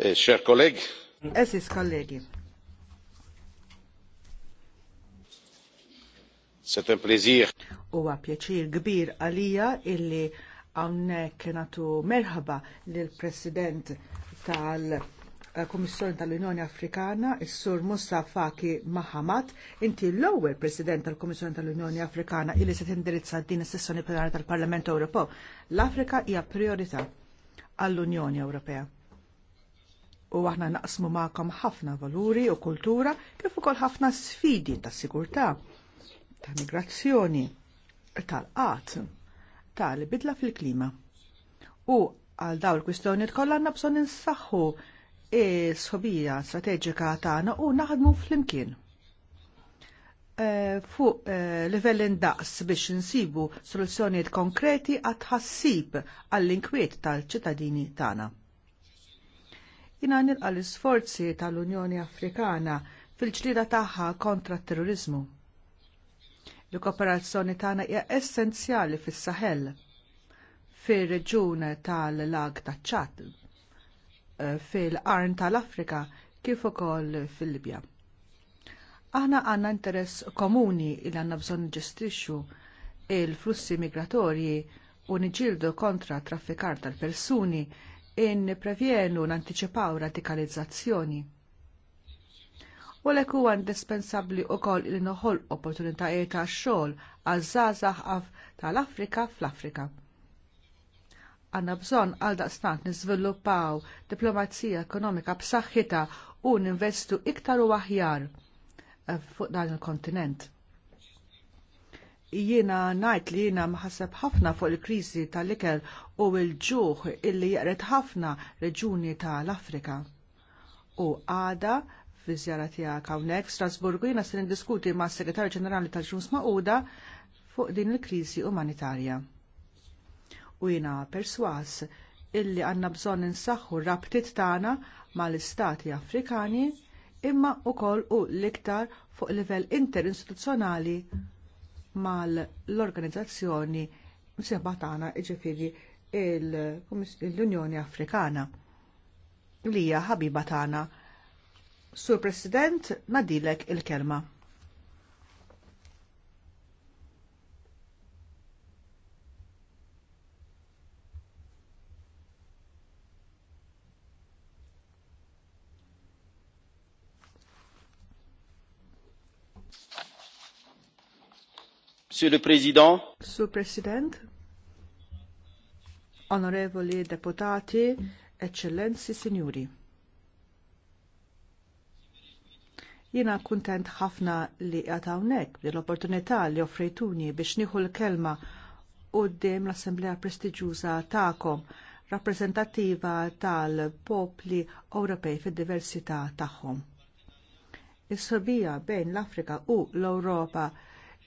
Eh, cher kolleg. Esis C'est un plaisir. Huwa pjaċir kbir għalija illi għamnek natu merħaba l President tal Kummissjoni tal-Unjoni Afrikana, il sur Musa Faki Mahamat, inti l-ewwel President tal-Kummissjoni tal-Unjoni Afrikana illi se tindirizza din is-sessjoni plenarja tal-Parlament Ewropew. L-Afrika hija priorità għall-Unjoni Ewropea u aħna naqsmu ma'kom ħafna valuri u kultura kif ukoll ħafna sfidi ta' sigurtà, ta' migrazzjoni, tal-qat, tal-bidla fil-klima. U għal daw il-kwistjonijiet kollha għandna bżonn insaħħu is-sobija strateġika tagħna u naħdmu flimkien. Eh, fuq eh, livell indaqs biex insibu soluzzjonijiet konkreti għat ħassib għall-inkwiet tal-ċittadini tagħna. Jina nilqa l-isforzi tal-Unjoni Afrikana fil-ġlida tagħha kontra t-terrorizmu. L-kooperazzjoni tagħna hija essenzjali fis-Saħel fir-reġjun tal-lag taċ-Ċad eh, fil-qarn tal-Afrika kif ukoll fil-Libja. Aħna għandna interess komuni il għandna bżonn ġestixxu il-flussi migratorji u niġildu kontra traffikar tal-persuni in prevjenu nanticipaw radikalizzazzjoni. U l huwa indispensabbli wkoll li noħol opportunitajiet għax xogħol għaż-żgħażagħ tal-Afrika fl-Afrika. Għandna bżonn għal daqstant niżviluppaw diplomazija ekonomika b'saħħitha u ninvestu iktar u aħjar eh, fuq dan il-kontinent jiena ngħid li jiena mħasseb ħafna fuq il-kriżi tal-ikel u l-ġuħ illi jaqret ħafna reġuni tal-Afrika. U għada fi żjara tiegħek hawnhekk Strasburgu jiena se niddiskuti mas segretarju Ġenerali tal-Ġnus Maquda fuq din il-kriżi umanitarja. U jiena perswas illi għandna bżonn insaħħu rabtiet tagħna mal-istati Afrikani imma wkoll u l-iktar fuq livell interinstituzzjonali mal-organizzazzjoni msebba tagħna ġifieri l-Unjoni Afrikana li hija ħabiba tagħna. Sur President, nadilek il-kelma. Monsieur le Président. Sur President, onorevoli deputati, eccellenzi, signori. Jiena kuntent ħafna li għatawnek l-opportunità li offrejtuni biex nieħu l-kelma quddiem l-Assemblea Prestiġjuża tagħkom rappresentativa tal-popli Ewropej fid-diversità tagħhom. Is-sobija bejn l-Afrika u l-Ewropa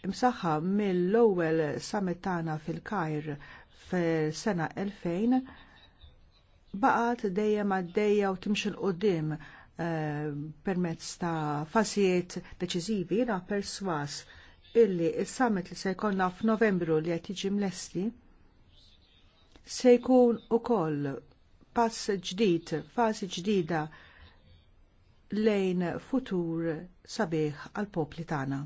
imsaħħa mill-ewwel summit tagħna fil-Kajr fis-sena 2000 baqgħet dejjem għaddejja u timxi l-qudiem eh, permezz ta' fasijiet deċiżivi jiena perswas illi s summit li se jkollna f'Novembru li qed jiġi mlesti se jkun ukoll pass ġdid, fażi ġdida lejn futur sabiħ għall popli tagħna.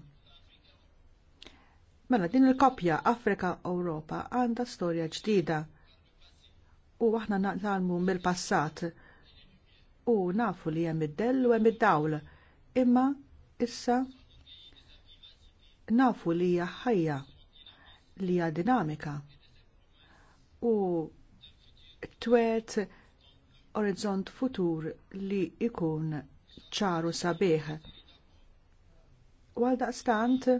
Mela din il-kopja Afrika Ewropa għandha storja ġdida u aħna naqtalmu mill-passat u nafu li hemm id-dell u hemm id-dawl imma issa nafu li hija ħajja li hija dinamika u twet orizzont futur li ikun ċaru sabiħ. U għaldaqstant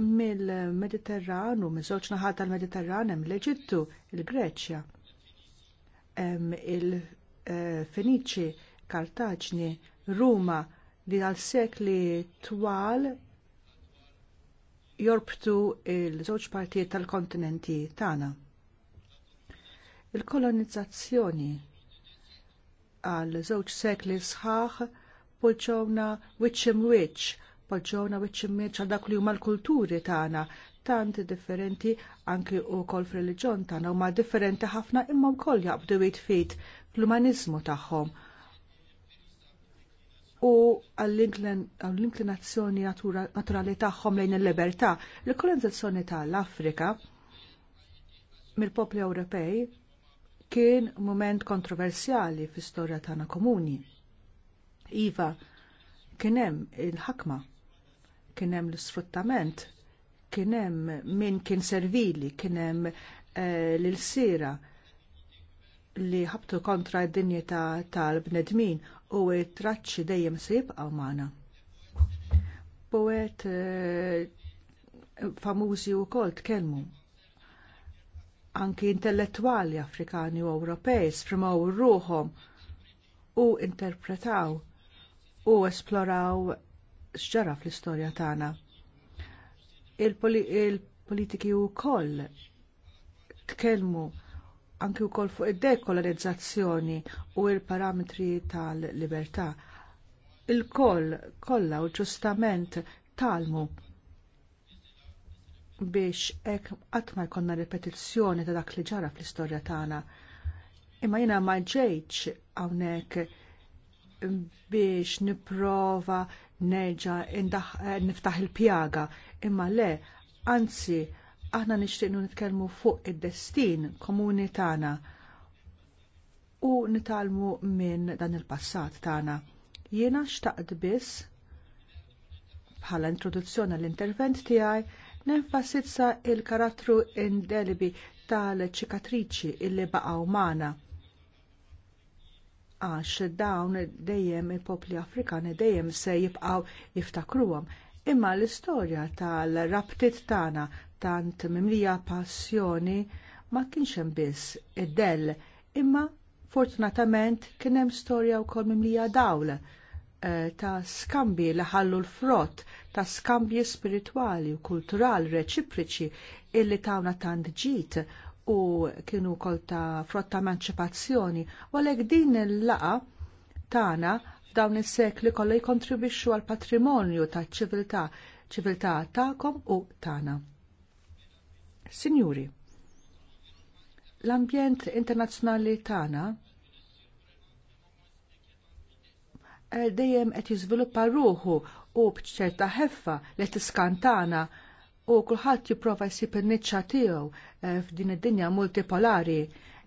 mill-Mediterran u minn żewġ naħat tal-Mediterran hemm l-Eġittu, il-Greċja, hemm il-Feniċi, Kartaġni, Ruma li għal sekli twal jorbtu l żewġ partijiet tal-kontinenti tagħna. Il-kolonizzazzjoni għal żewġ sekli sħaħ poġġowna wiċċ imwiċċ poġġowna wiċċimmiet għal dak li huma l-kulturi tagħna tant differenti anki u kol fil-reliġjon tagħna huma differenti ħafna imma wkoll jaqbdu jitfit fl-umaniżmu tagħhom. U għall-inklinazzjoni naturali tagħhom lejn il-libertà, l-kolonizzazzjoni tal-Afrika mill-popli Ewropej kien mument kontroversjali fl-istorja tagħna komuni. Iva, kien hemm il-ħakma kien hemm l-sfruttament, kien hemm min kien servili, kien hemm eh, l-sira li ħabtu kontra d-dinjeta tal-bnedmin u t-traċċi dejjem se jibqgħu magħna. Poet eh, famużi wkoll kelmu. anki intellettwali Afrikani u Ewropej sprimaw ruħom u interpretaw u esploraw xġara fl-istorja tagħna. Il-politiki wkoll tkellmu anki wkoll fuq id-dekolarizzazzjoni u l parametri tal-libertà. Il-koll kollha u ġustament talmu biex hekk qatt ma jkollna ripetizzjoni ta' dak li ġara fl-istorja tagħna. Imma jiena ma ġejtx hawnhekk biex nipprova nerġa' eh, niftaħ il-pjaga, imma le, anzi, aħna nixtieqnu nitkellmu fuq id-destin komuni tagħna u nitalmu minn dan il-passat tagħna. Jiena xtaqt biss bħala introduzzjoni għall-intervent tiegħi nenfasizza l karattru indelibi tal-ċikatriċi illi baqgħu magħna għax dawn dejjem il-popli Afrikani dejjem se jibqgħu jiftakruhom. Imma l-istorja tal-rabtiet tagħna tant mimlija passjoni ma kienx hemm biss id-dell, imma fortunatament kien hemm storja wkoll mimlija dawl eh, ta' skambji li ħallu l-frott, ta' skambji spiritwali u kulturali reċipriċi illi tawna tant ġid u kienu kol ta' frotta emanċipazzjoni, u għalhekk din il laqgħa tagħna f'dawn is-sekli kollha jkontribwixxu għal patrimonju taċ ċiviltà, ċiviltà tagħkom u tagħna. Sinjuri, l-ambjent internazzjonali tagħna eh, dejjem qed jiżviluppa ruħu u bċerta ħeffa li tiskantana u kulħadd jipprova jsib in-niċċa tiegħu eh, f'din id-dinja multipolari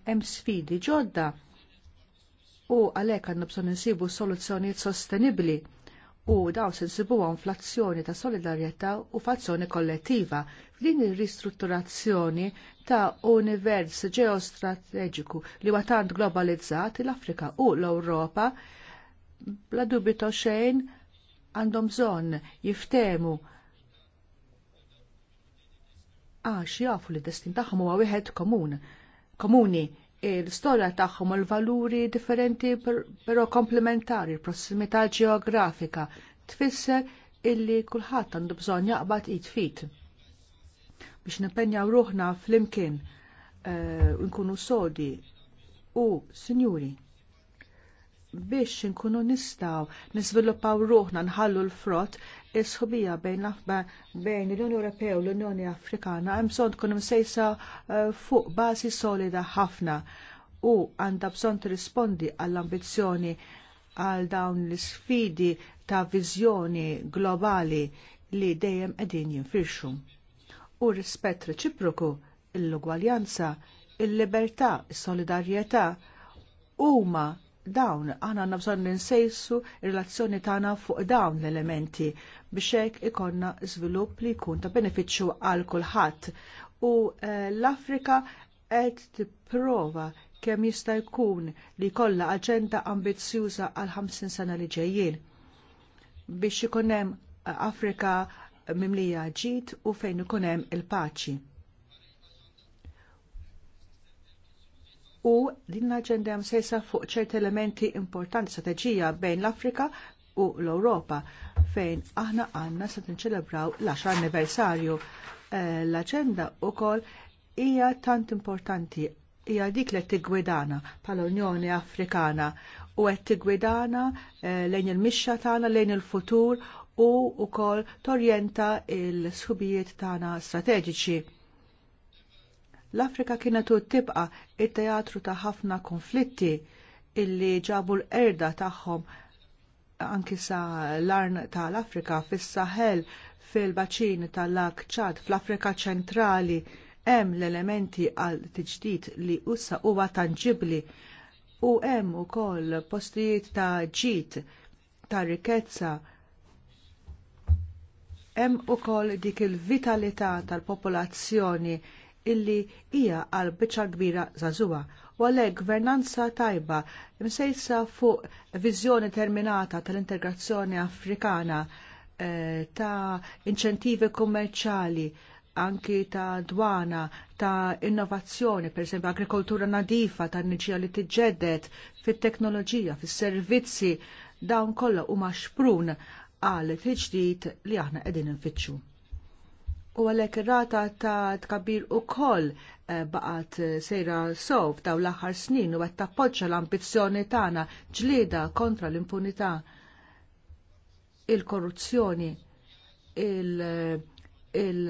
hemm sfidi ġodda u għalhekk għandna bżonn insibu soluzzjonijiet sostenibbli u daw se nsibuhom fl-azzjoni ta' solidarjetà u f'azzjoni kollettiva f'din ir-ristrutturazzjoni ta' univers ġeostrateġiku li huwa tant globalizzat l-Afrika u l-Ewropa bla dubito xejn għandhom bżonn jiftemu għax jafu li d-destin tagħhom huwa wieħed komun. Komuni, l-istorja tagħhom u l-valuri differenti però komplementari, prossimità ġeografika, tfisser illi kulħadd għandu bżonn jaqbad id fit. Biex nipenjaw ruħna fl-imkien, eh, nkunu sodi u sinjuri biex inkunu nistgħu niżviluppaw ruħna nħallu l-frott is-ħubija bejn bejn l-Unjoni Ewropea u l-Unjoni Afrikana hemm bżonn tkun msejsa eh, fuq bażi solida ħafna u għandha bżonn tirrispondi għall-ambizzjoni għal dawn l isfidi ta' viżjoni globali li dejjem qegħdin jinfirxu. U rispett reċiproku, l-ugwaljanza, il-libertà, is-solidarjetà huma dawn aħna għandna bżonn ninsejsu il relazzjoni tagħna fuq dawn l-elementi biex hekk ikonna żvilupp li jkun ta' benefiċċju għal kulħadd. U eh, l-Afrika qed tipprova kemm jista' jkun li jkollha aġenda ambizzjuża għal 50 sena li ġejjin biex ikun hemm Afrika mimlija ġid u fejn ikun hemm il-paċi. u din l-aġenda hemm sejsa fuq ċerti elementi importanti strateġija bejn l-Afrika u l-Ewropa fejn aħna għandna se tinċelebraw l-10 anniversarju. Eh, l-aġenda wkoll hija tant importanti hija dik li tiggwidana bħala Unjoni Afrikana u qed tiggwidana eh, lejn il-mixxa tagħna lejn il-futur u wkoll torjenta l sħubijiet tagħna strateġiċi L-Afrika kienet u tibqa il teatru ta' ħafna konflitti illi ġabu l-erda tagħhom anki sa l-arn tal-Afrika fis-Sahel fil-baċin tal-Lak Ċad fl-Afrika ċentrali hemm l-elementi għal tiġdid li issa huwa tanġibli u hemm ukoll postijiet ta' ġid ta' rikezza hemm ukoll dik il-vitalità tal-popolazzjoni illi hija għal biċċa kbira żagħżugħa u għalhekk gvernanza tajba msejsa fuq viżjoni terminata tal-integrazzjoni Afrikana eh, ta' inċentivi kummerċjali anki ta' dwana, ta' innovazzjoni, per esempio agrikoltura nadifa, ta' nġija li tiġġedet, fit-teknoloġija, fis-servizzi, dawn kollha huma xprun għal tiġdid li aħna qegħdin infittxu. U għalhekk ir-rata ta' tkabbir ukoll eh, baqgħet eh, sejra sow f'dawn l-aħħar snin u qed tappoġġa l-ambizzjoni tagħna ġlieda kontra l-impunità il-korruzzjoni il-, -il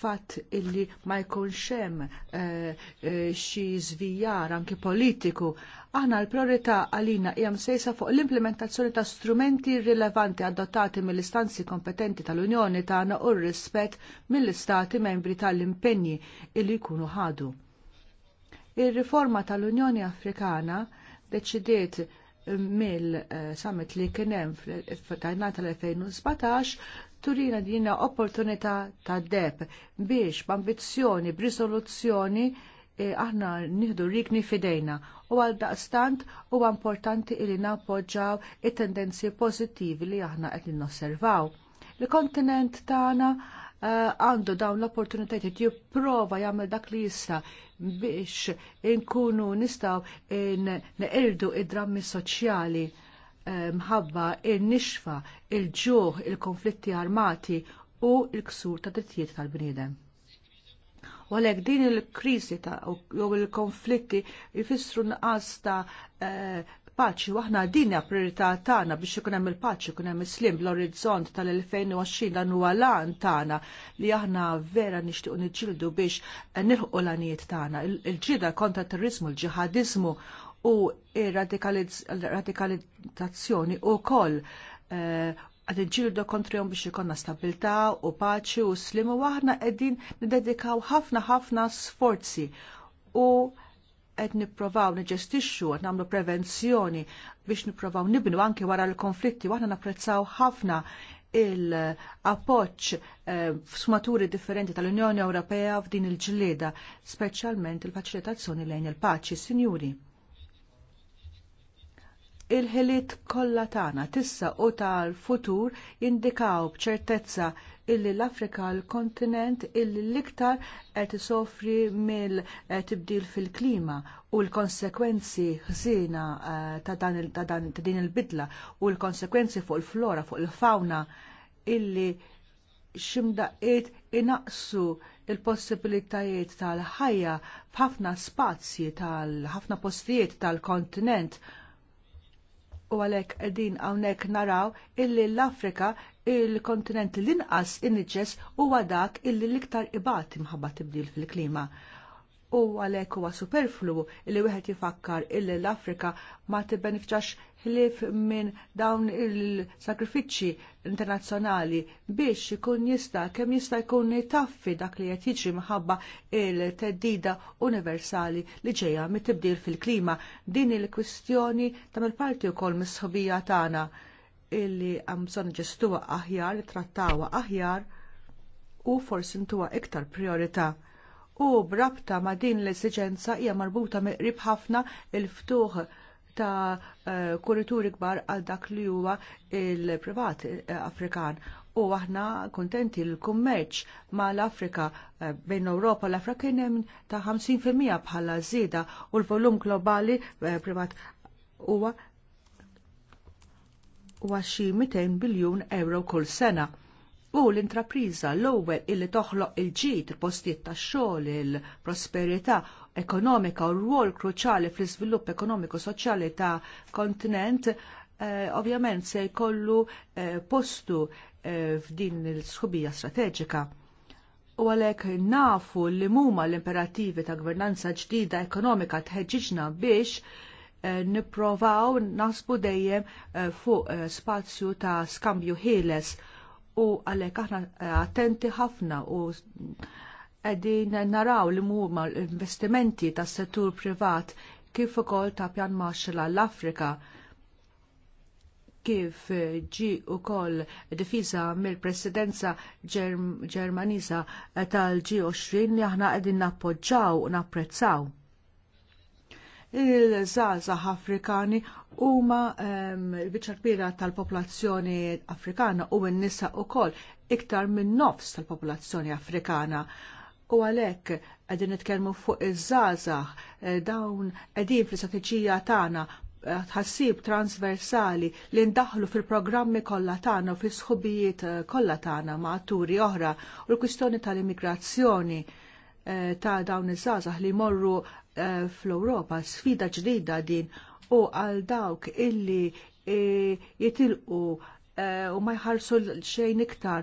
fatt illi ma jkunx hemm eh, eh, xi zvijar anki politiku. Aħna l-priorità għalina hija msejsa fuq l-implementazzjoni ta' strumenti rilevanti adottati mill-istanzi kompetenti tal-Unjoni tagħna u r-rispett mill-istati membri tal-impenji illi jkunu ħadu. Ir-riforma tal-Unjoni Afrikana deċidiet eh, mill-summit li kien hemm fil tal-2017 turina dina opportunità ta' deb biex b'ambizzjoni, b'risoluzzjoni E, aħna nieħdu rikni fidejna u għal daqstant u importanti li nappoġġaw it-tendenzi pożittivi li aħna qed nosservaw. Il-kontinent tagħna eh, għandu uh, dawn l-opportunitajiet jipprova jagħmel dak li jista' biex inkunu nistgħu in neqirdu id-drammi soċjali mħabba il-nixfa, il-ġuħ, il-konflitti armati u l-ksur ta' drittijiet tal-bniedem. U għalhekk din il-kriżi ta' jew il-konflitti jfissru nqas ta' e, paċi u aħna din hija priorità tagħna biex ikun hemm il-paċi ikun hemm slim l-orizzont tal-2020 dan huwa lan tagħna li aħna vera nixtiequ niġġieldu biex nilħqu l-għanijiet tagħna. Il-ġida kontra terrorizmu, l-ġihadizmu u ir-radikalizzazzjoni u koll eh, għad iġildu kontrihom biex ikonna stabilta u paċi u slim u aħna qegħdin nidedikaw ħafna ħafna sforzi u qed nipprovaw niġestixxu qed nagħmlu prevenzjoni biex nippruvaw nibnu anke wara l-konflitti u aħna napprezzaw ħafna il-appoċ eh, f'smaturi differenti tal-Unjoni Ewropea f'din il-ġlieda, speċjalment il-faċilitazzjoni lejn il-paċi, sinjuri il-ħiliet kollha tagħna tissa u tal-futur jindikaw b'ċertezza illi l-Afrika l-kontinent illi l-iktar qed isofri mill-tibdil fil-klima u l-konsekwenzi ħsiena eh, ta' din il-bidla u l-konsekwenzi fuq il-flora fuq il-fawna illi ximdaqqiet inaqsu l possibilitajiet tal-ħajja f'ħafna spazji tal-ħafna postijiet tal-kontinent tal ħafna postijiet tal kontinent u għalhekk qegħdin hawnhekk naraw illi l-Afrika il-kontinent l-inqas inniġġes huwa dak illi l-iktar ibat imħabba tibdil fil-klima u għalhekk huwa superflu li wieħed jifakkar illi l-Afrika ma tibbenefitax ħlief minn dawn il sagrifiċċji internazzjonali biex ikun jista kemm jista' jkun taffi dak li qed jiġri minħabba il-teddida universali li ġejja mit-tibdil fil-klima. Din il-kwistjoni tagħmel parti wkoll mis-sħobija tagħna illi hemm bżonn ġestuha aħjar, trattawa aħjar u forsi ntuha iktar priorità u brabta ma' din l-esiġenza hija marbuta miqrib ħafna il-ftuħ ta' eh, kurituri kbar għal dak li huwa l privat eh, Afrikan. U aħna kuntenti l-kummerċ mal afrika eh, bejn Ewropa l-Afrika kien hemm ta' 50% bħala żieda u l-volum globali privat huwa huwa xi 200 biljun euro kull sena u l-intrapriża l-ewwel illi toħloq il-ġid il-postijiet tax-xogħol, il-prosperità ekonomika u r-rwol kruċjali fl-iżvilupp ekonomiku soċjali ta' kontinent eh, ovvjament se jkollu eh, postu eh, f'din il-sħubija strateġika. U għalhekk nafu li muma l-imperattivi ta' gvernanza ġdida ekonomika tħeġġiġna biex eh, nipprovaw nasbu dejjem eh, fuq eh, spazju ta' skambju ħieles u għalhekk aħna eh, attenti ħafna u qegħdin naraw li huma l-investimenti tas-settur privat kif ukoll ta' pjan Marshall għall-Afrika kif eh, ġi wkoll difiza mill-presidenza Ġermaniża eh, tal-G20 li aħna qegħdin nappoġġaw u napprezzaw. Il-żgħażagħ Afrikani huma ehm, l-biċċa kbira tal-popolazzjoni Afrikana u n-nisa wkoll iktar minn nofs tal-popolazzjoni Afrikana. U għalhekk qegħdin nitkellmu fuq iż-żgħażagħ eh, dawn qegħdin fl-istrateġija tagħna eh, tħassib transversali li ndaħlu fil-programmi kollha tagħna u fis-sħubijiet eh, kollha tagħna ma' atturi oħra u l-kwistjoni tal-immigrazzjoni ta' dawn iż-żgħażagħ li jmorru fl-Ewropa sfida ġdida din u għal dawk illi e, jitilqu e, u ma jħarsu xejn iktar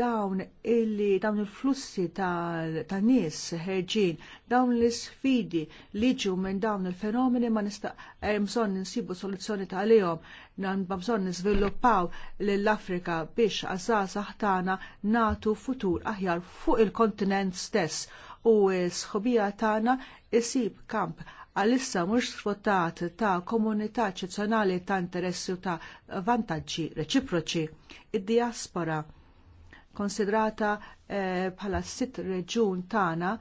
dawn illi dawn il-flussi ta', nies ħerġin, dawn l isfidi li ġu minn dawn il-fenomeni ma nista' bżonn e, insibu soluzzjoni ta' għalihom, bżonn niżviluppaw lill-Afrika biex għażaż aħtana natu futur aħjar fuq il-kontinent stess u sħobija tagħna isib kamp għalissa mhux sfruttat ta' komunità eccezzjonali ta' interessi u ta' vantaġġi reċiproċi. Id-diaspora konsidrata eh, bħala eh, sitt reġun tagħna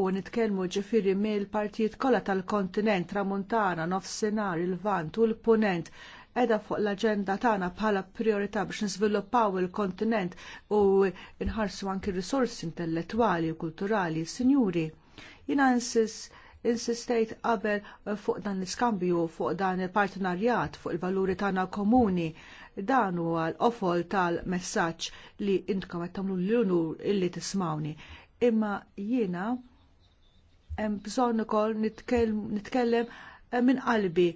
u nitkellmu ġifiri mill partijiet kollha tal-kontinent tramuntana, nofsinhar, il-vant u l-punent edha fuq l aġenda tagħna bħala priorità biex niżviluppaw il-kontinent u nħarsu anki risorsi intellettwali u kulturali, sinjuri. Jina insistejt qabel eh, fuq dan l-iskambju, fuq dan il-partenarjat, fuq il-valuri tagħna komuni. Dan huwa l-ofol tal-messaġġ li intkom qed tagħmlu l-unur illi tismawni. Imma jiena hemm bżonn ukoll nitkellem eh, minn qalbi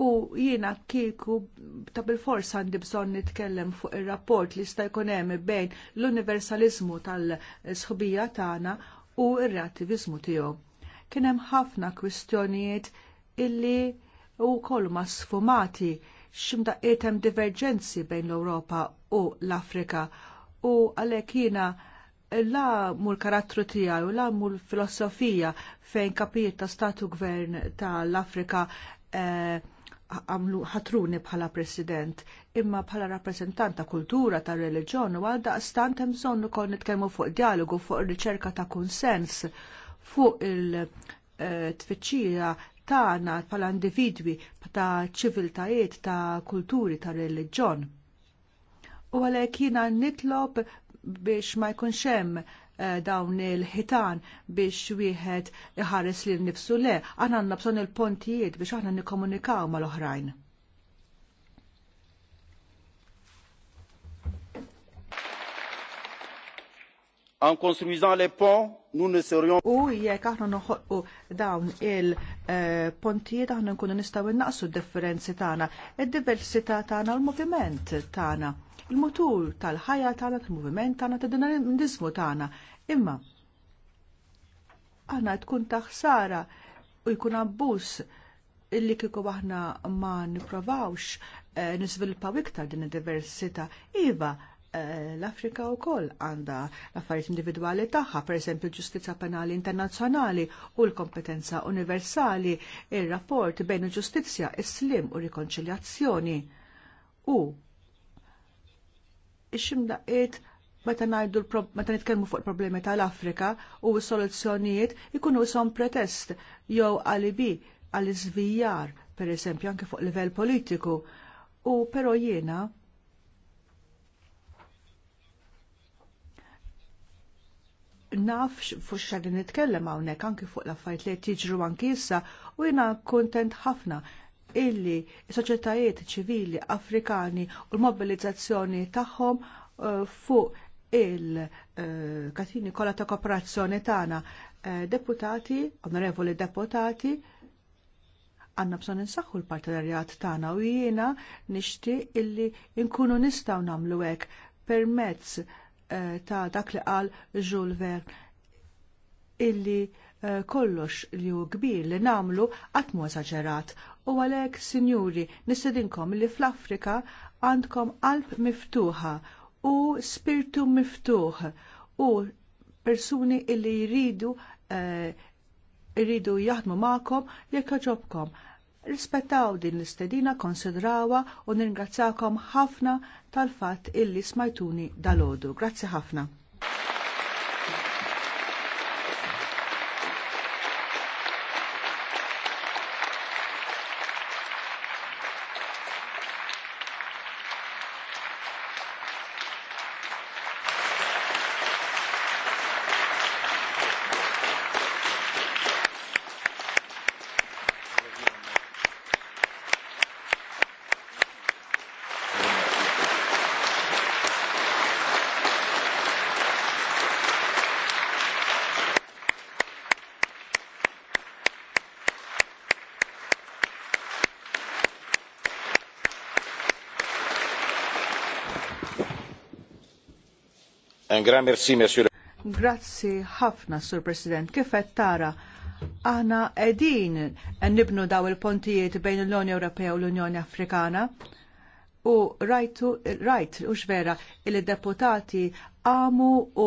U jiena kieku ta' bil-fors għandi bżonn nitkellem fuq ir rapport li sta' jkun hemm bejn l-universalizmu tal-sħubija tagħna u r reattiviżmu tiegħu. Kien hemm ħafna kwistjonijiet illi wkoll ma sfumati x'imdaqqiet hemm diverġenzi bejn l-Ewropa u l-Afrika u għalhekk jiena la mul karattru tiegħu la mul filosofija fejn kapijiet ta' statu gvern tal-Afrika eh, għamlu ħatruni bħala president, imma bħala rappresentant ta' kultura, ta' reliġjon u għal daqstant hemm bżonn ukoll nitkellmu fuq dialogu, fuq ir-riċerka ta' kunsens, fuq il-tfittxija eh, tagħna bħala individwi ta' ċiviltajiet, ta' kulturi, ta' reliġjon. U għalhekk jiena nitlob biex ma jkunx hemm Eh, dawn il-ħitan biex wieħed iħares lil nifsu le, aħna għandna bżonn il-pontijiet biex aħna nikkomunikaw mal-oħrajn. En construisant les ponts, nous ne serions U jekk aħna noħolqu dawn il-pontijiet eh, aħna nkunu nistgħu innaqsu d-differenzi tagħna, id-diversità tagħna l-moviment tagħna, il-mutur tal-ħajja tagħna, tal-moviment tagħna, tad-dinamizmu tagħna. Imma aħna tkun taħsara u jkun abbuż illi kieku aħna ma nipprovawx eh, nisviluppaw iktar din id-diversità. Iva, Eh, l-Afrika wkoll għandha l-affarijiet individwali tagħha, pereżempju l-ġustizza penali internazzjonali u l-kompetenza universali, il rapport bejn il-ġustizja, is-slim u rikonċiljazzjoni. U ix-ximdaqiet meta ngħidu meta nitkellmu fuq il-problemi tal-Afrika u s-soluzzjonijiet ikunu son pretest jew alibi għall-iżvijar, pereżempju anke fuq livell politiku. U però jiena nafx fuq xadin nitkellem hawnhekk anki fuq l-affarijiet li jiġru anki issa u jiena kuntent ħafna illi s-soċjetajiet ċivili Afrikani u l-mobilizzazzjoni tagħhom uh, fuq il-katini uh, kollha ta' kooperazzjoni tagħna uh, deputati, onorevoli deputati, għanna bżon insaħħu l-partenarjat tagħna u jiena nixtieq illi nkunu nistgħu nagħmlu hekk permezz Eh, ta' dak li qal Jules Verne illi eh, kollox li hu kbir li nagħmlu qatt m'hu eżaġerat u għalhekk, sinjuri, nistedinkom li fl-Afrika għandkom qalb miftuħa u spirtu miftuħ u persuni illi jridu eh, jridu jaħdmu magħkom jekk ġobkom rispettaw din l-istedina, konsidrawha u ningrazzakom ħafna tal-fatt illi smajtuni dalodu. Grazzi ħafna. Grazzi ħafna, Sur President. Kif qed tara, aħna qegħdin nibnu daw il-pontijiet bejn l-Unjoni Ewropea u l-Unjoni Afrikana. U rajtu, rajt, u vera, il-deputati għamu u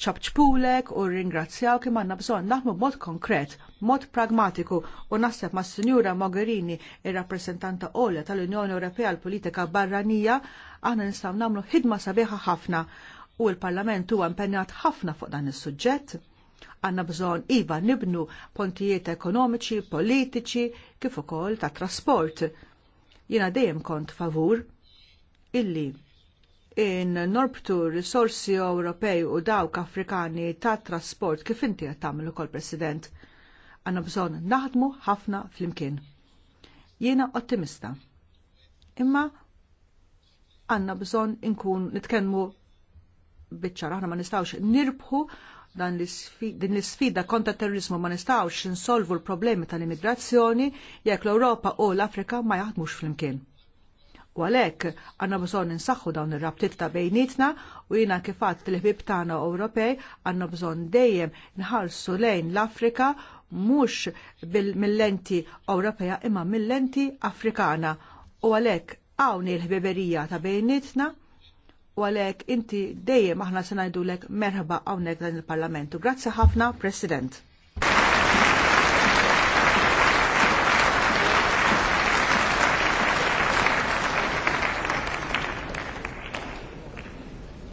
ċabċpulek u ringrazzjaw kim għanna bżon naħmu mod konkret, mod pragmatiku u naħseb ma' Sinjura Mogherini, il-rappresentanta Ola tal-Unjoni Ewropea l-Politika Barranija, għana nistaw namlu ħidma sabiħa ħafna u l-Parlament huwa impenjat ħafna fuq dan is-suġġett. Għanna bżon iva nibnu pontijiet ekonomiċi, politiċi, kif ukoll ta' trasport. Jiena dejjem kont favur illi in norbtu risorsi Ewropej u dawk Afrikani ta' trasport kif inti qed tagħmel ukoll President. Għandna bżonn naħdmu ħafna flimkien. Jiena ottimista. Imma għandna bżonn inkun nitkellmu biċċar aħna ma nistawx nirbħu dan din l-sfida kontra terrorizmu ma nistawx insolvu l-problemi tal-immigrazzjoni jekk l-Ewropa u l-Afrika ma jaħdmux flimkien. U għalhekk għandna bżonn insaħħu dawn ir-rabtiet ta' bejnietna u jiena kifat il-ħbib tagħna Ewropej għandna bżonn dejjem nħalsu lejn l-Afrika mhux mill-lenti Ewropea imma mill-lenti Afrikana. U għalhekk hawn il-ħbiberija ta' bejnietna u għalhekk inti dejjem aħna se ngħidulek merħba hawnhekk dan il-Parlamentu. Grazzi ħafna, President.